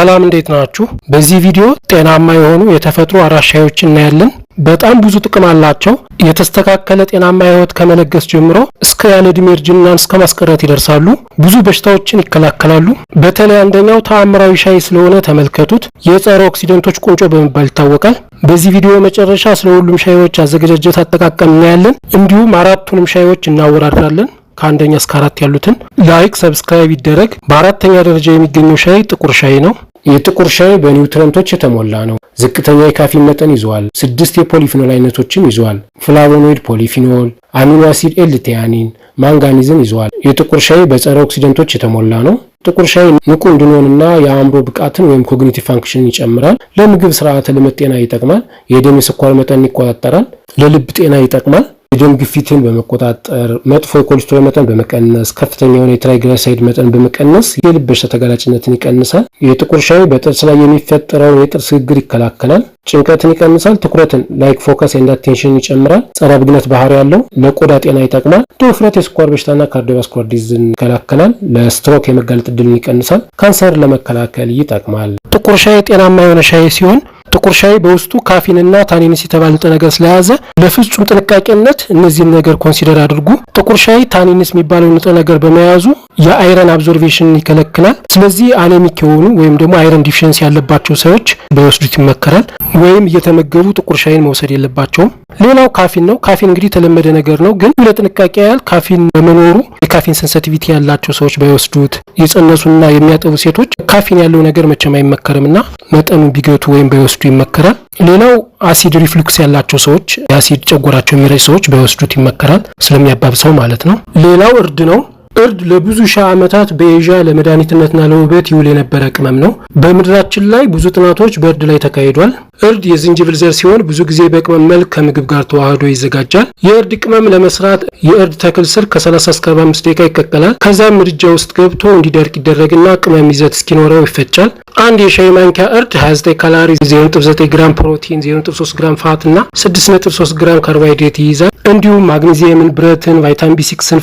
ሰላም እንዴት ናችሁ? በዚህ ቪዲዮ ጤናማ የሆኑ የተፈጥሮ አራት ሻዮችን እናያለን። በጣም ብዙ ጥቅም አላቸው። የተስተካከለ ጤናማ ህይወት ከመለገስ ጀምሮ እስከ ያለ ዕድሜ እርጅናን እስከ ማስቀረት ይደርሳሉ። ብዙ በሽታዎችን ይከላከላሉ። በተለይ አንደኛው ተአምራዊ ሻይ ስለሆነ ተመልከቱት። የጸረ ኦክሲደንቶች ቁንጮ በመባል ይታወቃል። በዚህ ቪዲዮ መጨረሻ ስለ ሁሉም ሻዮች አዘገጃጀት አጠቃቀም እናያለን። እንዲሁም አራቱንም ሻዮች እናወዳድራለን። ከአንደኛ እስከ አራት ያሉትን ላይክ፣ ሰብስክራይብ ይደረግ። በአራተኛ ደረጃ የሚገኘው ሻይ ጥቁር ሻይ ነው። የጥቁር ሻይ በኒውትረንቶች የተሞላ ነው። ዝቅተኛ የካፊን መጠን ይዟል። ስድስት የፖሊፊኖል አይነቶችም ይዟል። ፍላቮኖይድ፣ ፖሊፊኖል፣ አሚኖ አሲድ፣ ኤልቲያኒን፣ ማንጋኒዝን ይዟል። የጥቁር ሻይ በጸረ ኦክሲደንቶች የተሞላ ነው። ጥቁር ሻይ ንቁ እንድንሆንና የአእምሮ ብቃትን ወይም ኮግኒቲቭ ፋንክሽንን ይጨምራል። ለምግብ ስርዓተ ልመት ጤና ይጠቅማል። የደም የስኳር መጠን ይቆጣጠራል። ለልብ ጤና ይጠቅማል። የደም ግፊትን በመቆጣጠር መጥፎ የኮሌስትሮል መጠን በመቀነስ ከፍተኛ የሆነ የትራይግሊሰራይድ መጠን በመቀነስ የልብ በሽታ ተጋላጭነትን ይቀንሳል። የጥቁር ሻይ በጥርስ ላይ የሚፈጠረውን የጥርስ ግግር ይከላከላል። ጭንቀትን ይቀንሳል። ትኩረትን ላይክ ፎከስ ኤንድ አቴንሽን ይጨምራል። ጸረ ብግነት ባህሪ ያለው ለቆዳ ጤና ይጠቅማል። ድፍረት፣ የስኳር በሽታና ካርዲዮቫስኩላር ዲዝን ይከላከላል። ለስትሮክ የመጋለጥ እድልን ይቀንሳል። ካንሰር ለመከላከል ይጠቅማል። ጥቁር ሻይ ጤናማ የሆነ ሻይ ሲሆን ጥቁር ሻይ በውስጡ ካፊንና ታኒንስ የተባለ ንጥረ ነገር ስለያዘ በፍጹም ጥንቃቄነት እነዚህን ነገር ኮንሲደር አድርጉ። ጥቁር ሻይ ታኒንስ የሚባለው ንጥረ ነገር በመያዙ የአይረን አብዞርቬሽን ይከለክላል። ስለዚህ አኔሚክ የሆኑ ወይም ደግሞ አይረን ዲፊሽንስ ያለባቸው ሰዎች በወስዱት ይመከራል። ወይም እየተመገቡ ጥቁር ሻይን መውሰድ የለባቸውም። ሌላው ካፊን ነው። ካፊን እንግዲህ የተለመደ ነገር ነው፣ ግን ለጥንቃቄ ያህል ካፊን በመኖሩ የካፊን ሴንሲቲቪቲ ያላቸው ሰዎች ባይወስዱት፣ የጸነሱና የሚያጠቡ ሴቶች ካፊን ያለው ነገር መቼም አይመከርምና መጠኑ ቢገቱ ወይም ባይወስዱ ቢወስዱ ይመከራል። ሌላው አሲድ ሪፍሉክስ ያላቸው ሰዎች የአሲድ ጨጎራቸው የሚረጭ ሰዎች ባይወስዱት ይመከራል፣ ስለሚያባብሰው ማለት ነው። ሌላው እርድ ነው። እርድ ለብዙ ሺህ ዓመታት በኤዥያ ለመድኃኒትነትና ለውበት ይውል የነበረ ቅመም ነው። በምድራችን ላይ ብዙ ጥናቶች በእርድ ላይ ተካሂዷል። እርድ የዝንጅብል ዘር ሲሆን ብዙ ጊዜ በቅመም መልክ ከምግብ ጋር ተዋህዶ ይዘጋጃል። የእርድ ቅመም ለመስራት የእርድ ተክል ስር ከ30 እስከ 45 ደቂቃ ይቀቀላል። ከዛም ምድጃ ውስጥ ገብቶ እንዲደርቅ ይደረግና ቅመም ይዘት እስኪኖረው ይፈጫል። አንድ የሻይ ማንኪያ እርድ 29 ካላሪ፣ 0.9 ግራም ፕሮቲን፣ 0.3 ግራም ፋት እና 6.3 ግራም ካርቦሃይድሬት ይይዛል። እንዲሁም ማግኒዚየምን፣ ብረትን፣ ቫይታሚን ቢሲክስን፣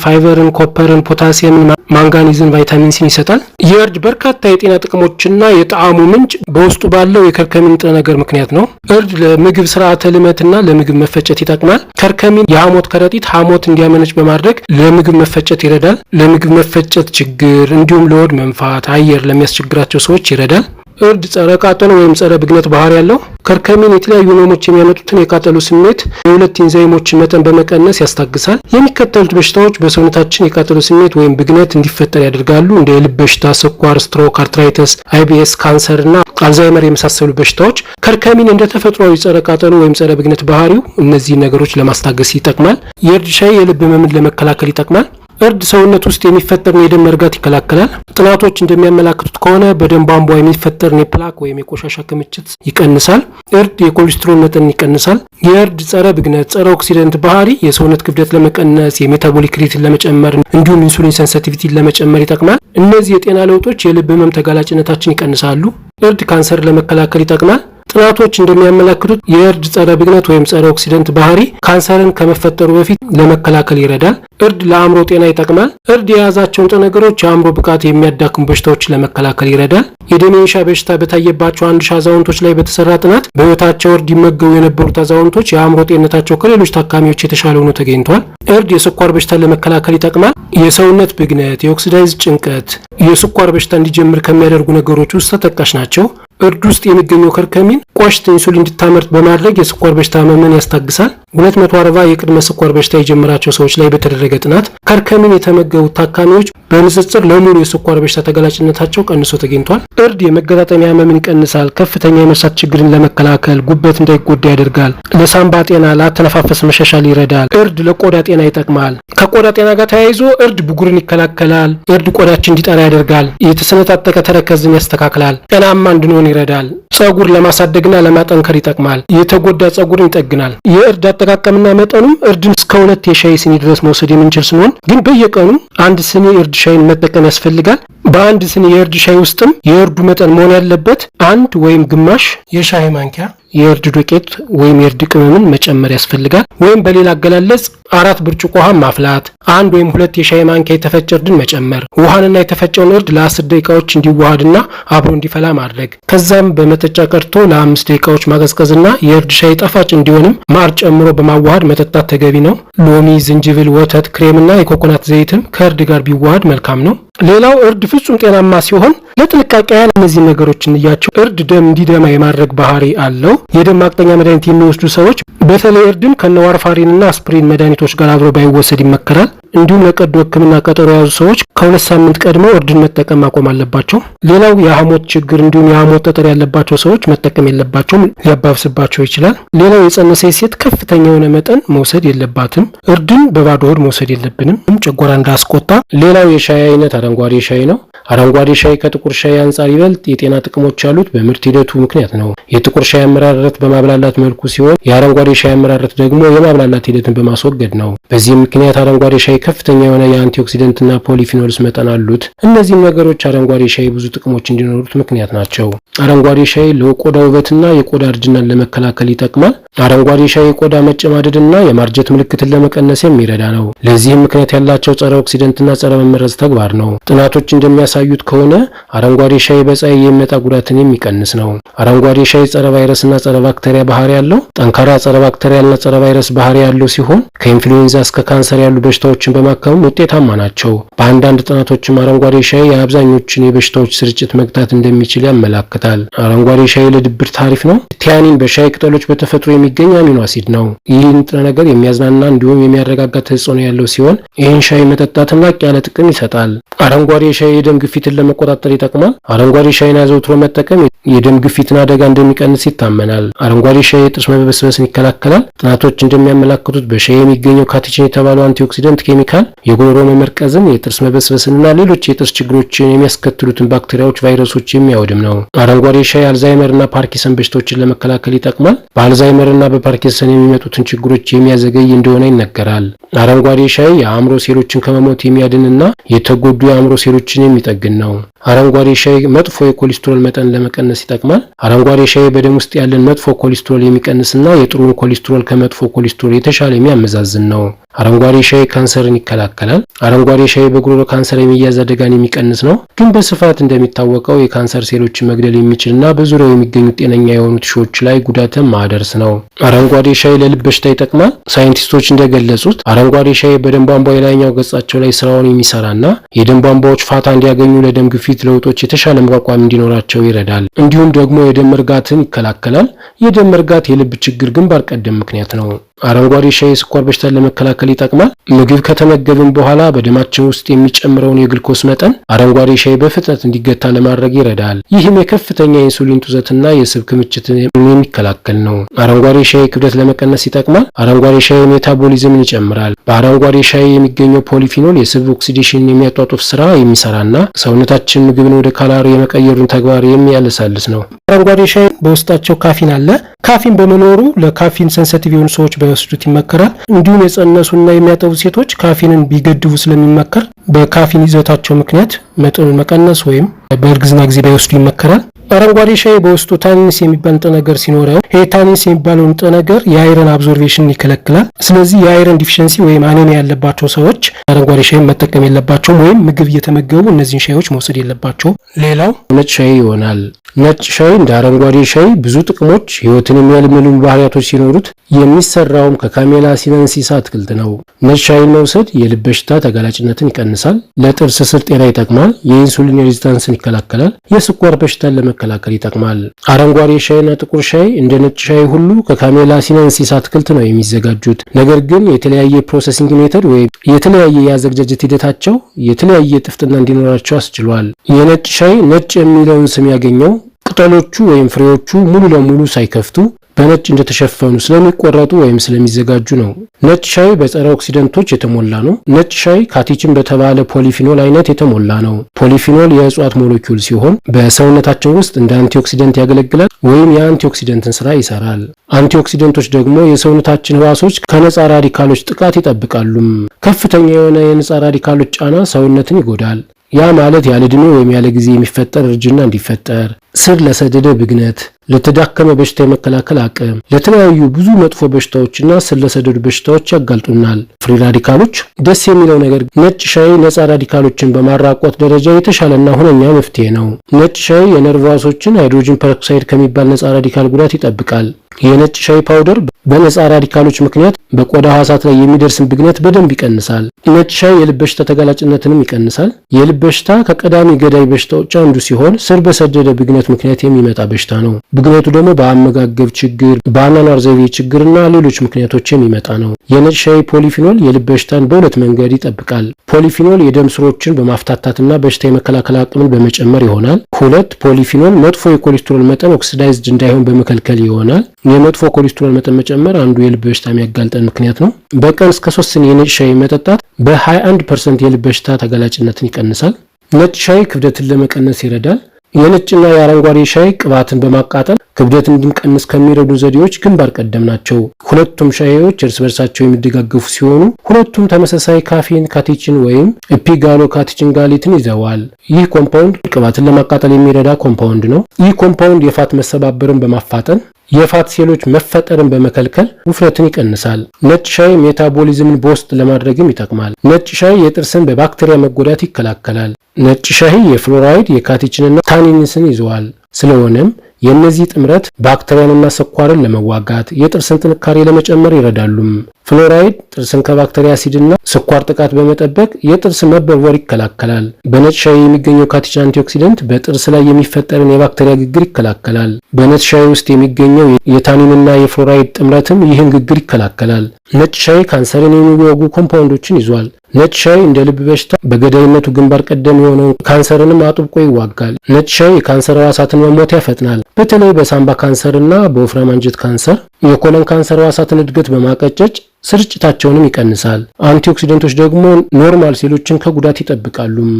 ኮፐርን፣ ፖታሲየምን፣ ማንጋኒዝን፣ ቫይታሚን ሲን ይሰጣል። የእርድ በርካታ የጤና ጥቅሞችና የጣዕሙ ምንጭ በውስጡ ባለው የከርከሚን ንጥረ ነገር ምክንያት ማለት ነው። እርድ ለምግብ ስርዓተ ልመትና ለምግብ መፈጨት ይጠቅማል። ከርከሚን የሐሞት ከረጢት ሐሞት እንዲያመነጭ በማድረግ ለምግብ መፈጨት ይረዳል። ለምግብ መፈጨት ችግር እንዲሁም ለወድ መንፋት፣ አየር ለሚያስቸግራቸው ሰዎች ይረዳል። እርድ ጸረ ቃጠሎ ወይም ጸረ ብግነት ባህሪ ያለው ከርከሚን የተለያዩ ህመሞች የሚያመጡትን የቃጠሎ ስሜት የሁለት ኢንዛይሞች መጠን በመቀነስ ያስታግሳል። የሚከተሉት በሽታዎች በሰውነታችን የቃጠሎ ስሜት ወይም ብግነት እንዲፈጠር ያደርጋሉ። እንደ የልብ በሽታ፣ ስኳር፣ ስትሮክ፣ አርትራይተስ፣ አይቢኤስ፣ ካንሰር እና አልዛይመር የመሳሰሉ በሽታዎች። ከርከሚን እንደ ተፈጥሯዊ ጸረ ቃጠሎ ወይም ጸረ ብግነት ባህሪው እነዚህ ነገሮች ለማስታገስ ይጠቅማል። የእርድ ሻይ የልብ ህመምን ለመከላከል ይጠቅማል። እርድ ሰውነት ውስጥ የሚፈጠርን የደም መርጋት ይከላከላል። ጥናቶች እንደሚያመላክቱት ከሆነ በደም ቧንቧ የሚፈጠርን የፕላክ ወይም የቆሻሻ ክምችት ይቀንሳል። እርድ የኮሌስትሮል መጠን ይቀንሳል። የእርድ ጸረ ብግነት፣ ጸረ ኦክሲደንት ባህሪ የሰውነት ክብደት ለመቀነስ፣ የሜታቦሊክ ሬትን ለመጨመር እንዲሁም ኢንሱሊን ሰንሰቲቪቲን ለመጨመር ይጠቅማል። እነዚህ የጤና ለውጦች የልብ ህመም ተጋላጭነታችን ይቀንሳሉ። እርድ ካንሰር ለመከላከል ይጠቅማል። ጥናቶች እንደሚያመላክቱት የእርድ ጸረ ብግነት ወይም ጸረ ኦክሲደንት ባህሪ ካንሰርን ከመፈጠሩ በፊት ለመከላከል ይረዳል። እርድ ለአእምሮ ጤና ይጠቅማል። እርድ የያዛቸው ንጥረ ነገሮች የአእምሮ ብቃት የሚያዳክሙ በሽታዎች ለመከላከል ይረዳል። የደሜንሻ በሽታ በታየባቸው አንድ ሺ አዛውንቶች ላይ በተሰራ ጥናት በህይወታቸው እርድ ይመገቡ የነበሩት አዛውንቶች የአእምሮ ጤንነታቸው ከሌሎች ታካሚዎች የተሻለ ሆኖ ተገኝቷል። እርድ የስኳር በሽታን ለመከላከል ይጠቅማል። የሰውነት ብግነት፣ የኦክሲዳይዝ ጭንቀት የስኳር በሽታ እንዲጀምር ከሚያደርጉ ነገሮች ውስጥ ተጠቃሽ ናቸው። እርድ ውስጥ የሚገኘው ከርከሚን ቆሽት ኢንሱሊን እንድታመርት በማድረግ የስኳር በሽታ ህመምን ያስታግሳል። 240 የቅድመ ስኳር በሽታ የጀመራቸው ሰዎች ላይ በተደረገ ጥናት ከርከምን የተመገቡት ታካሚዎች በንጽጽር ለሙሉ የስኳር በሽታ ተገላጭነታቸው ቀንሶ ተገኝቷል። እርድ የመገጣጠሚያ ህመምን ይቀንሳል። ከፍተኛ የመርሳት ችግርን ለመከላከል ጉበት እንዳይጎዳ ያደርጋል። ለሳምባ ጤና፣ ለአተነፋፈስ መሻሻል ይረዳል። እርድ ለቆዳ ጤና ይጠቅማል። ከቆዳ ጤና ጋር ተያይዞ እርድ ብጉርን ይከላከላል። እርድ ቆዳችን እንዲጠራ ያደርጋል። የተሰነጣጠቀ ተረከዝን ያስተካክላል። ጤናማ እንድንሆን ይረዳል። ጸጉር ለማሳደግና ለማጠንከር ይጠቅማል። የተጎዳ ጸጉርን ይጠግናል። የእርድ አጠቃቀምና መጠኑም እርድን እስከ ሁለት የሻይ ሲኒ ድረስ መውሰድ የምንችል ስንሆን ግን በየቀኑ አንድ ስኒ እርድ ሻይን መጠቀም ያስፈልጋል። በአንድ ስኒ የእርድ ሻይ ውስጥም የእርዱ መጠን መሆን ያለበት አንድ ወይም ግማሽ የሻይ ማንኪያ የእርድ ዱቄት ወይም የእርድ ቅመምን መጨመር ያስፈልጋል። ወይም በሌላ አገላለጽ አራት ብርጭቆ ውሃ ማፍላት፣ አንድ ወይም ሁለት የሻይ ማንኪያ የተፈጨ እርድን መጨመር፣ ውሃንና የተፈጨውን እርድ ለአስር ደቂቃዎች እንዲዋሃድና አብሮ እንዲፈላ ማድረግ። ከዛም በመጠጫ ቀድቶ ለአምስት ደቂቃዎች ማቀዝቀዝና የእርድ ሻይ ጣፋጭ እንዲሆንም ማር ጨምሮ በማዋሃድ መጠጣት ተገቢ ነው። ሎሚ፣ ዝንጅብል፣ ወተት፣ ክሬምና የኮኮናት ዘይትም ከእርድ ጋር ቢዋሃድ መልካም ነው። ሌላው እርድ ፍጹም ጤናማ ሲሆን ለጥንቃቄ ያህል እነዚህ ነገሮች እንያቸው። እርድ ደም እንዲደማ የማድረግ ባህሪ አለው። የደም ማቅጠኛ መድኃኒት የሚወስዱ ሰዎች በተለይ እርድን ከነ ዋርፋሪንና አስፕሪን መድኃኒቶች ጋር አብሮ ባይወሰድ ይመከራል። እንዲሁም ለቀዶ ህክምና ቀጠሮ የያዙ ሰዎች ከሁለት ሳምንት ቀድመው እርድን መጠቀም ማቆም አለባቸው። ሌላው የሀሞት ችግር እንዲሁም የሀሞት ጠጠር ያለባቸው ሰዎች መጠቀም የለባቸውም፣ ሊያባብስባቸው ይችላል። ሌላው የጸነሰ ሴት ከፍተኛ የሆነ መጠን መውሰድ የለባትም። እርድን በባዶ ሆድ መውሰድ የለብንም፣ ጨጓራ እንዳስቆጣ። ሌላው የሻይ አይነት አረንጓዴ ሻይ ነው። አረንጓዴ ሻይ ከጥቁር ሻይ አንጻር ይበልጥ የጤና ጥቅሞች ያሉት በምርት ሂደቱ ምክንያት ነው። የጥቁር ሻይ አመራረት በማብላላት መልኩ ሲሆን የአረንጓዴ ሻይ አመራረት ደግሞ የማብላላት ሂደትን በማስወገድ ነው። በዚህም ምክንያት አረንጓዴ ሻይ ከፍተኛ የሆነ የአንቲኦክሲደንትና ፖሊፊኖልስ መጠን አሉት። እነዚህም ነገሮች አረንጓዴ ሻይ ብዙ ጥቅሞች እንዲኖሩት ምክንያት ናቸው። አረንጓዴ ሻይ ለቆዳ ውበትና የቆዳ እርጅናን ለመከላከል ይጠቅማል። አረንጓዴ ሻይ የቆዳ መጨማደድና የማርጀት ምልክትን ለመቀነስ የሚረዳ ነው። ለዚህም ምክንያት ያላቸው ጸረ ኦክሲደንትና ጸረ መመረዝ ተግባር ነው። ጥናቶች እንደሚያሳ የሚያሳዩት ከሆነ አረንጓዴ ሻይ በፀሐይ የሚመጣ ጉዳትን የሚቀንስ ነው። አረንጓዴ ሻይ ጸረ ቫይረስና ጸረ ባክተሪያ ባህሪ ያለው ጠንካራ ጸረ ባክተሪያና ጸረ ቫይረስ ባህሪ ያለው ሲሆን ከኢንፍሉዌንዛ እስከ ካንሰር ያሉ በሽታዎችን በማከም ውጤታማ ናቸው። በአንዳንድ ጥናቶችም አረንጓዴ ሻይ የአብዛኞቹን የበሽታዎች ስርጭት መግታት እንደሚችል ያመላክታል። አረንጓዴ ሻይ ለድብር ታሪፍ ነው። ቲያኒን በሻይ ቅጠሎች በተፈጥሮ የሚገኝ አሚኖ አሲድ ነው። ይህ ንጥረ ነገር የሚያዝናና እንዲሁም የሚያረጋጋ ተጽዕኖ ያለው ሲሆን ይህን ሻይ መጠጣትም ላቅ ያለ ጥቅም ይሰጣል። አረንጓዴ ሻይ የደም ግፊትን ለመቆጣጠር ይጠቅማል። አረንጓዴ ሻይን አዘውትሮ መጠቀም የደም ግፊትን አደጋ እንደሚቀንስ ይታመናል። አረንጓዴ ሻይ የጥርስ መበስበስን ይከላከላል። ጥናቶች እንደሚያመላክቱት በሻይ የሚገኘው ካቲችን የተባለው አንቲኦክሲደንት ኬሚካል የጉሮሮ መመርቀዝን፣ የጥርስ መበስበስንና ሌሎች የጥርስ ችግሮችን የሚያስከትሉትን ባክቴሪያዎች፣ ቫይረሶች የሚያወድም ነው። አረንጓዴ ሻይ አልዛይመርና ፓርኪሰን በሽታዎችን ለመከላከል ይጠቅማል። በአልዛይመርና በፓርኪንሰን የሚመጡትን ችግሮች የሚያዘገይ እንደሆነ ይነገራል። አረንጓዴ ሻይ የአእምሮ ሴሎችን ከመሞት የሚያድንና የተጎዱ የአእምሮ ሴሎችን የሚጠ የሚያስጠግን ነው። አረንጓዴ ሻይ መጥፎ የኮሌስትሮል መጠን ለመቀነስ ይጠቅማል። አረንጓዴ ሻይ በደም ውስጥ ያለን መጥፎ ኮሌስትሮል የሚቀንስና የጥሩን ኮሌስትሮል ከመጥፎ ኮሌስትሮል የተሻለ የሚያመዛዝን ነው። አረንጓዴ ሻይ ካንሰርን ይከላከላል። አረንጓዴ ሻይ በጉሮሮ ካንሰር የመያዝ አደጋን የሚቀንስ ነው። ግን በስፋት እንደሚታወቀው የካንሰር ሴሎችን መግደል የሚችልና በዙሪያው የሚገኙ ጤነኛ የሆኑ ቲሾዎች ላይ ጉዳትን ማደርስ ነው። አረንጓዴ ሻይ ለልብ በሽታ ይጠቅማል። ሳይንቲስቶች እንደገለጹት አረንጓዴ ሻይ በደም ቧንቧ የላይኛው ገጻቸው ላይ ስራውን የሚሰራና የደም ቧንቧዎች ፋታ እንዲያገኙ ለደም ግፊ ግፊት ለውጦች የተሻለ መቋቋም እንዲኖራቸው ይረዳል። እንዲሁም ደግሞ የደም እርጋትን ይከላከላል። የደም እርጋት የልብ ችግር ግንባር ቀደም ምክንያት ነው። አረንጓዴ ሻይ የስኳር በሽታን ለመከላከል ይጠቅማል። ምግብ ከተመገብን በኋላ በደማችን ውስጥ የሚጨምረውን የግልኮስ መጠን አረንጓዴ ሻይ በፍጥነት እንዲገታ ለማድረግ ይረዳል። ይህም የከፍተኛ ኢንሱሊን ጡዘትና የስብ ክምችትን የሚከላከል ነው። አረንጓዴ ሻይ ክብደት ለመቀነስ ይጠቅማል። አረንጓዴ ሻይ ሜታቦሊዝምን ይጨምራል። በአረንጓዴ ሻይ የሚገኘው ፖሊፊኖል የስብ ኦክሲዴሽን የሚያጧጡፍ ስራ የሚሰራና ሰውነታችን ምግብን ወደ ካላሪ የመቀየሩን ተግባር የሚያለሳልስ ነው። አረንጓዴ ሻይ በውስጣቸው ካፊን አለ። ካፊን በመኖሩ ለካፊን ሰንሰቲቭ የሆኑ ሰዎች እንዳይወስዱት ይመከራል። እንዲሁም የጸነሱና የሚያጠቡ ሴቶች ካፊንን ቢገድቡ ስለሚመከር በካፊን ይዘታቸው ምክንያት መጠኑን መቀነስ ወይም በእርግዝና ጊዜ እንዳይወስዱ ይመከራል። አረንጓዴ ሻይ በውስጡ ታኒንስ የሚባል ንጥረ ነገር ሲኖረው ይህ ታኒንስ የሚባለው ንጥረ ነገር የአይረን አብዞርቬሽን ይከለክላል። ስለዚህ የአይረን ዲፊሽንሲ ወይም አኔሚያ ያለባቸው ሰዎች አረንጓዴ ሻይ መጠቀም የለባቸውም ወይም ምግብ እየተመገቡ እነዚህን ሻዮች መውሰድ የለባቸው። ሌላው ነጭ ሻይ ይሆናል። ነጭ ሻይ እንደ አረንጓዴ ሻይ ብዙ ጥቅሞች፣ ህይወትን የሚያልምልሙ ባህሪያቶች ሲኖሩት የሚሰራውም ከካሜላ ሲነንሲስ አትክልት ነው። ነጭ ሻይን መውሰድ የልብ በሽታ ተጋላጭነትን ይቀንሳል፣ ለጥርስ ስር ጤና ይጠቅማል፣ የኢንሱሊን ሬዚስታንስን ይከላከላል፣ የስኳር በሽታን ለመከላከል ይጠቅማል። አረንጓዴ ሻይና ጥቁር ሻይ እንደ ነጭ ሻይ ሁሉ ከካሜላ ሲነንሲስ አትክልት ነው የሚዘጋጁት። ነገር ግን የተለያየ ፕሮሰሲንግ ሜተድ ወይም የተለያየ የአዘገጃጀት ሂደታቸው የተለያየ ጥፍጥና እንዲኖራቸው አስችሏል። የነጭ ሻይ ነጭ የሚለውን ስም ያገኘው ቅጠሎቹ ወይም ፍሬዎቹ ሙሉ ለሙሉ ሳይከፍቱ በነጭ እንደተሸፈኑ ስለሚቆረጡ ወይም ስለሚዘጋጁ ነው። ነጭ ሻይ በጸረ ኦክሲደንቶች የተሞላ ነው። ነጭ ሻይ ካቲችን በተባለ ፖሊፊኖል አይነት የተሞላ ነው። ፖሊፊኖል የእጽዋት ሞለኪውል ሲሆን በሰውነታቸው ውስጥ እንደ አንቲኦክሲደንት ያገለግላል ወይም የአንቲኦክሲደንትን ስራ ይሰራል። አንቲኦክሲደንቶች ደግሞ የሰውነታችን ህዋሶች ከነጻ ራዲካሎች ጥቃት ይጠብቃሉም። ከፍተኛ የሆነ የነጻ ራዲካሎች ጫና ሰውነትን ይጎዳል። ያ ማለት ያለድኖ ወይም ያለ ጊዜ የሚፈጠር እርጅና እንዲፈጠር፣ ስር ለሰደደ ብግነት፣ ለተዳከመ በሽታ የመከላከል አቅም፣ ለተለያዩ ብዙ መጥፎ በሽታዎችና ስር ለሰደዱ በሽታዎች ያጋልጡናል። ፍሪ ራዲካሎች ደስ የሚለው ነገር ነጭ ሻይ ነፃ ራዲካሎችን በማራቆት ደረጃ የተሻለና ሁነኛ መፍትሄ ነው። ነጭ ሻይ የነርቭ ሕዋሶችን ፐሮክሳይድ ከሚባል ነፃ ራዲካል ጉዳት ይጠብቃል። የነጭ ሻይ ፓውደር በነፃ ራዲካሎች ምክንያት በቆዳ ህዋሳት ላይ የሚደርስን ብግነት በደንብ ይቀንሳል። ነጭ ሻይ የልብ በሽታ ተጋላጭነትንም ይቀንሳል። የልብ በሽታ ከቀዳሚ ገዳይ በሽታዎች አንዱ ሲሆን ስር በሰደደ ብግነት ምክንያት የሚመጣ በሽታ ነው። ብግነቱ ደግሞ በአመጋገብ ችግር፣ በአኗኗር ዘይቤ ችግርና ሌሎች ምክንያቶች የሚመጣ ነው። የነጭ ሻይ ፖሊፊኖል የልብ በሽታን በሁለት መንገድ ይጠብቃል። ፖሊፊኖል የደም ስሮችን በማፍታታትና በሽታ የመከላከል አቅምን በመጨመር ይሆናል። ሁለት ፖሊፊኖል መጥፎ የኮሌስትሮል መጠን ኦክሲዳይዝድ እንዳይሆን በመከልከል ይሆናል። የመጥፎ ኮሌስትሮል መጠን መጨመር አንዱ የልብ በሽታ የሚያጋልጠን ምክንያት ነው። በቀን እስከ ሶስት ስኒ የነጭ ሻይ መጠጣት በ21 ፐርሰንት የልብ በሽታ ተጋላጭነትን ይቀንሳል። ነጭ ሻይ ክብደትን ለመቀነስ ይረዳል። የነጭና የአረንጓዴ ሻይ ቅባትን በማቃጠል ክብደት እንድንቀንስ ከሚረዱ ዘዴዎች ግንባር ቀደም ናቸው። ሁለቱም ሻዮች እርስ በርሳቸው የሚደጋገፉ ሲሆኑ ሁለቱም ተመሳሳይ ካፌን ካቴችን ወይም ኤፒጋሎ ካቴችን ጋሌትን ይዘዋል። ይህ ኮምፓውንድ ቅባትን ለማቃጠል የሚረዳ ኮምፓውንድ ነው። ይህ ኮምፓውንድ የፋት መሰባበርን በማፋጠን የፋት ሴሎች መፈጠርን በመከልከል ውፍረትን ይቀንሳል። ነጭ ሻይ ሜታቦሊዝምን በውስጥ ለማድረግም ይጠቅማል። ነጭ ሻይ የጥርስን በባክቴሪያ መጎዳት ይከላከላል። ነጭ ሻይ የፍሎራይድ የካቲችንና ታኒንስን ይዘዋል። ስለሆነም የእነዚህ ጥምረት ባክቴሪያንና ስኳርን ለመዋጋት የጥርስን ጥንካሬ ለመጨመር ይረዳሉም። ፍሎራይድ ጥርስን ከባክቴሪያ አሲድና ስኳር ጥቃት በመጠበቅ የጥርስ መቦርቦር ይከላከላል። በነጭ ሻይ የሚገኘው ካቲቻን አንቲኦክሲደንት በጥርስ ላይ የሚፈጠርን የባክቴሪያ ግግር ይከላከላል። በነጭ ሻይ ውስጥ የሚገኘው የታኒንና የፍሎራይድ ጥምረትም ይህን ግግር ይከላከላል። ነጭ ሻይ ካንሰርን የሚዋጉ ኮምፓውንዶችን ይዟል። ነጭ ሻይ እንደ ልብ በሽታ በገዳይነቱ ግንባር ቀደም የሆነውን ካንሰርንም አጥብቆ ይዋጋል። ነጭ ሻይ የካንሰር ሕዋሳትን መሞት ያፈጥናል። በተለይ በሳምባ ካንሰርና በወፍራም አንጀት ካንሰር፣ የኮለን ካንሰር ሕዋሳትን እድገት በማቀጨጭ ስርጭታቸውንም ይቀንሳል። አንቲኦክሲደንቶች ደግሞ ኖርማል ሴሎችን ከጉዳት ይጠብቃሉም።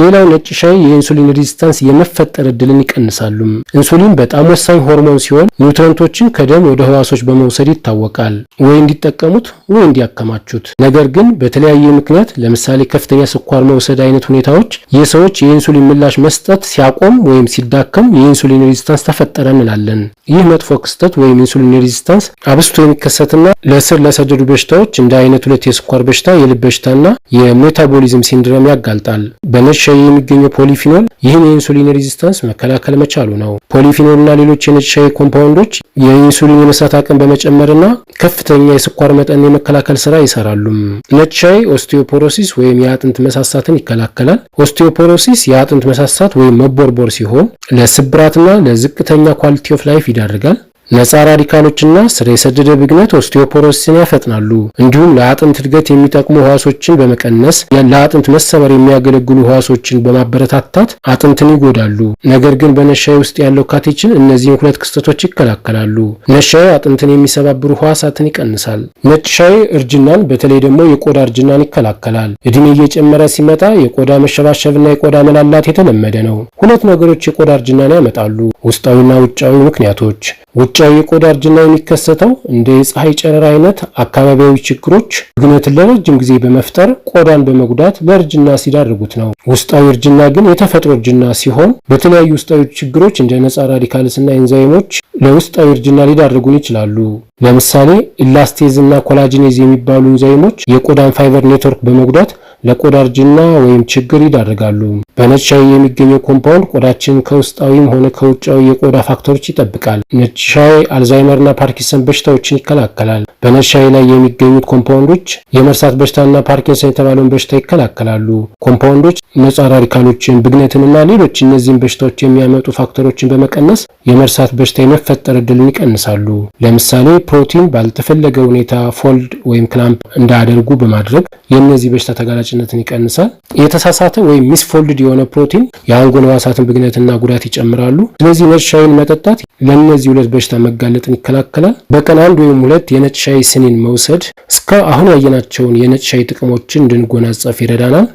ሌላው ነጭ ሻይ የኢንሱሊን ሬዚስታንስ የመፈጠር እድልን ይቀንሳሉ። ኢንሱሊን በጣም ወሳኝ ሆርሞን ሲሆን ኒውትረንቶችን ከደም ወደ ህዋሶች በመውሰድ ይታወቃል። ወይ እንዲጠቀሙት ወይ እንዲያከማቹት። ነገር ግን በተለያየ ምክንያት ለምሳሌ ከፍተኛ ስኳር መውሰድ አይነት ሁኔታዎች የሰዎች የኢንሱሊን ምላሽ መስጠት ሲያቆም ወይም ሲዳከም የኢንሱሊን ሬዚስታንስ ተፈጠረ እንላለን። ይህ መጥፎ ክስተት ወይም ኢንሱሊን ሬዚስታንስ አብስቶ የሚከሰትና ለስር ለሰደዱ በሽታዎች እንደ አይነት ሁለት የስኳር በሽታ፣ የልብ በሽታና የሜታቦሊዝም ሲንድረም ያጋልጣል። በነጭ ሻይ የሚገኘው ፖሊፊኖል ይህን የኢንሱሊን ሬዚስታንስ መከላከል መቻሉ ነው። ፖሊፊኖልና ሌሎች የነጭ ሻይ ኮምፓውንዶች የኢንሱሊን የመስራት አቅም በመጨመርና ከፍተኛ የስኳር መጠን የመከላከል ስራ ይሰራሉም። ነጭ ሻይ ኦስቲዮፖሮሲስ ወይም የአጥንት መሳሳትን ይከላከላል። ኦስቲዮፖሮሲስ የአጥንት መሳሳት ወይም መቦርቦር ሲሆን ለስብራትና ለዝቅተኛ ኳሊቲ ኦፍ ላይፍ ይዳርጋል። ነፃ ራዲካሎችና ስር የሰደደ ብግነት ኦስቲዮፖሮሲስን ያፈጥናሉ። እንዲሁም ለአጥንት እድገት የሚጠቅሙ ህዋሶችን በመቀነስ ለአጥንት መሰበር የሚያገለግሉ ህዋሶችን በማበረታታት አጥንትን ይጎዳሉ። ነገር ግን በነሻይ ውስጥ ያለው ካቴችን እነዚህን ሁለት ክስተቶች ይከላከላሉ። ነሻይ አጥንትን የሚሰባብሩ ህዋሳትን ይቀንሳል። ነጭ ሻይ እርጅናን፣ በተለይ ደግሞ የቆዳ እርጅናን ይከላከላል። እድሜ እየጨመረ ሲመጣ የቆዳ መሸባሸብና የቆዳ መላላት የተለመደ ነው። ሁለት ነገሮች የቆዳ እርጅናን ያመጣሉ፣ ውስጣዊና ውጫዊ ምክንያቶች ውጭ ተፈጥሯዊ የቆዳ እርጅና የሚከሰተው እንደ የፀሐይ ጨረር አይነት አካባቢያዊ ችግሮች ብግነትን ለረጅም ጊዜ በመፍጠር ቆዳን በመጉዳት ለእርጅና ሲዳርጉት ነው። ውስጣዊ እርጅና ግን የተፈጥሮ እርጅና ሲሆን በተለያዩ ውስጣዊ ችግሮች እንደ ነፃ ራዲካልስና ኤንዛይሞች ለውስጣዊ እርጅና ሊዳርጉን ይችላሉ። ለምሳሌ ኢላስቴዝ እና ኮላጅኔዝ የሚባሉ ኤንዛይሞች የቆዳን ፋይበር ኔትወርክ በመጉዳት ለቆዳ እርጅና ወይም ችግር ይዳርጋሉ። በነጭ ሻይ የሚገኘው ኮምፓውንድ ቆዳችን ከውስጣዊም ሆነ ከውጫዊ የቆዳ ፋክተሮች ይጠብቃል። ነጭ ሻይ አልዛይመርና ፓርኪንሰን በሽታዎችን ይከላከላል። በነጭ ሻይ ላይ የሚገኙት ኮምፓውንዶች የመርሳት በሽታና ፓርኪንሰን የተባለውን በሽታ ይከላከላሉ። ኮምፓውንዶች ነጻ ራዲካሎችን፣ ብግነትንና ሌሎች እነዚህን በሽታዎች የሚያመጡ ፋክተሮችን በመቀነስ የመርሳት በሽታ የመፈጠር እድልን ይቀንሳሉ። ለምሳሌ ፕሮቲን ባልተፈለገ ሁኔታ ፎልድ ወይም ክላምፕ እንዳያደርጉ በማድረግ የእነዚህ በሽታ ተጋላጭነትን ይቀንሳል። የተሳሳተ ወይም ሚስፎልድ የሆነ ፕሮቲን የአንጎል ሕዋሳትን ብግነትና ጉዳት ይጨምራሉ። ስለዚህ ነጭ ሻይን መጠጣት ለእነዚህ ሁለት በሽታ መጋለጥን ይከላከላል። በቀን አንድ ወይም ሁለት የነጭ ሻይ ሻይ ስኒን መውሰድ እስከ አሁን ያየናቸውን የነጭ ሻይ ጥቅሞችን እንድንጎናጸፍ ይረዳናል።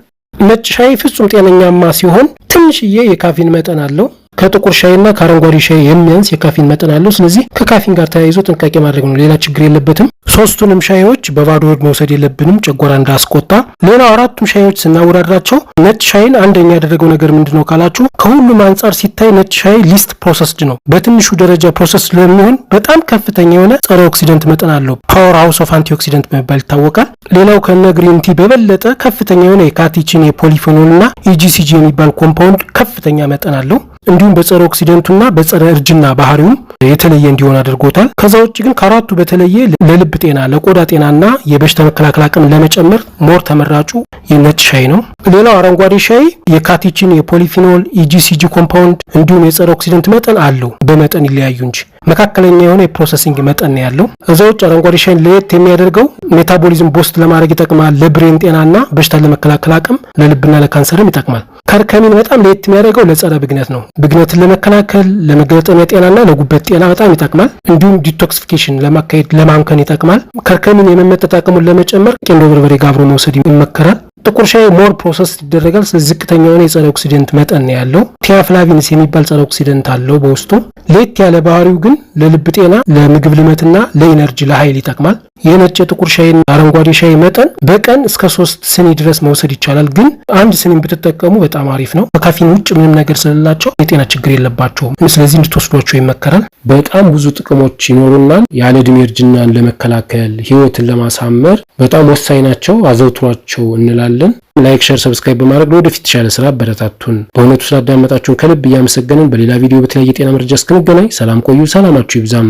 ነጭ ሻይ ፍጹም ጤነኛማ ሲሆን ትንሽዬ የካፊን መጠን አለው። ከጥቁር ሻይ ከአረንጓዴ ሻይ የሚያንስ የካፊን መጠን አለው። ስለዚህ ከካፊን ጋር ተያይዞ ጥንቃቄ ማድረግ ነው፣ ሌላ ችግር የለበትም። ሶስቱንም ሻዮች በባዶ ሆድ መውሰድ የለብንም፣ ጨጓራ እንዳስቆጣ። ሌላው አራቱም ሻዮች ስናወዳድራቸው ነጭ ሻይን አንደኛ ያደረገው ነገር ምንድን ነው ካላችሁ፣ ከሁሉም አንጻር ሲታይ ነጭ ሻይ ሊስት ፕሮሰስድ ነው። በትንሹ ደረጃ ፕሮሰስ ለሚሆን በጣም ከፍተኛ የሆነ ጸረ ኦክሲደንት መጠን አለው። ፓወር ሃውስ ኦፍ አንቲ ኦክሲደንት በመባል ይታወቃል። ሌላው ከነ ግሪንቲ በበለጠ ከፍተኛ የሆነ የካቲችን የፖሊፌኖል እና ኢጂሲጂ የሚባል ኮምፓውንድ ከፍተኛ መጠን አለው። እንዲሁም በጸረ ኦክሲደንቱና በጸረ እርጅና ባህሪውም የተለየ እንዲሆን አድርጎታል። ከዛ ውጭ ግን ከአራቱ በተለየ ለልብ ጤና፣ ለቆዳ ጤናና የበሽታ መከላከል አቅም ለመጨመር ሞር ተመራጩ የነጭ ሻይ ነው። ሌላው አረንጓዴ ሻይ የካቲችን፣ የፖሊፊኖል፣ ኢጂሲጂ ኮምፓውንድ እንዲሁም የጸረ ኦክሲደንት መጠን አለው። በመጠን ይለያዩ እንጂ መካከለኛ የሆነ የፕሮሰሲንግ መጠን ነው ያለው። እዛ ውጭ አረንጓዴ ሻይን ለየት የሚያደርገው ሜታቦሊዝም ቦስት ለማድረግ ይጠቅማል። ለብሬን ጤናና በሽታን ለመከላከል አቅም፣ ለልብና ለካንሰርም ይጠቅማል። ከርከሚን በጣም ለየት የሚያደርገው ለጸረ ብግነት ነው። ብግነትን ለመከላከል ለመገጣጠሚያ ጤናና ለጉበት ጤና በጣም ይጠቅማል። እንዲሁም ዲቶክሲፊኬሽን ለማካሄድ ለማምከን ይጠቅማል። ከርከሚን የመመጠጥ አቅሙን ለመጨመር ቄንዶ በርበሬ ጋብሮ መውሰድ ይመከራል። ጥቁር ሻይ ሞር ፕሮሰስ ይደረጋል። ዝቅተኛ የሆነ የጸረ ኦክሲደንት መጠን ያለው። ቲያፍላቪንስ የሚባል ጸረ ኦክሲደንት አለው በውስጡ። ለየት ያለ ባህሪው ግን ለልብ ጤና፣ ለምግብ ልመትና ለኢነርጂ ለኃይል ይጠቅማል። የነጭ የጥቁር ሻይና አረንጓዴ ሻይ መጠን በቀን እስከ ሶስት ስኒ ድረስ መውሰድ ይቻላል። ግን አንድ ስኒን ብትጠቀሙ በጣም አሪፍ ነው። ከካፊን ውጭ ምንም ነገር ስለሌላቸው የጤና ችግር የለባቸውም። ስለዚህ እንድትወስዷቸው ይመከራል። በጣም ብዙ ጥቅሞች ይኖሩናል። ያለ ዕድሜ እርጅናን ለመከላከል ህይወትን ለማሳመር በጣም ወሳኝ ናቸው። አዘውትሯቸው እንላለን። ላይክ፣ ሸር፣ ሰብስክራይብ በማድረግ ለወደፊት የተሻለ ስራ አበረታቱን። በእውነቱ ስላዳመጣችሁን ከልብ እያመሰገንን በሌላ ቪዲዮ በተለያየ የጤና መረጃ እስክንገናኝ ሰላም ቆዩ። ሰላማችሁ ይብዛም።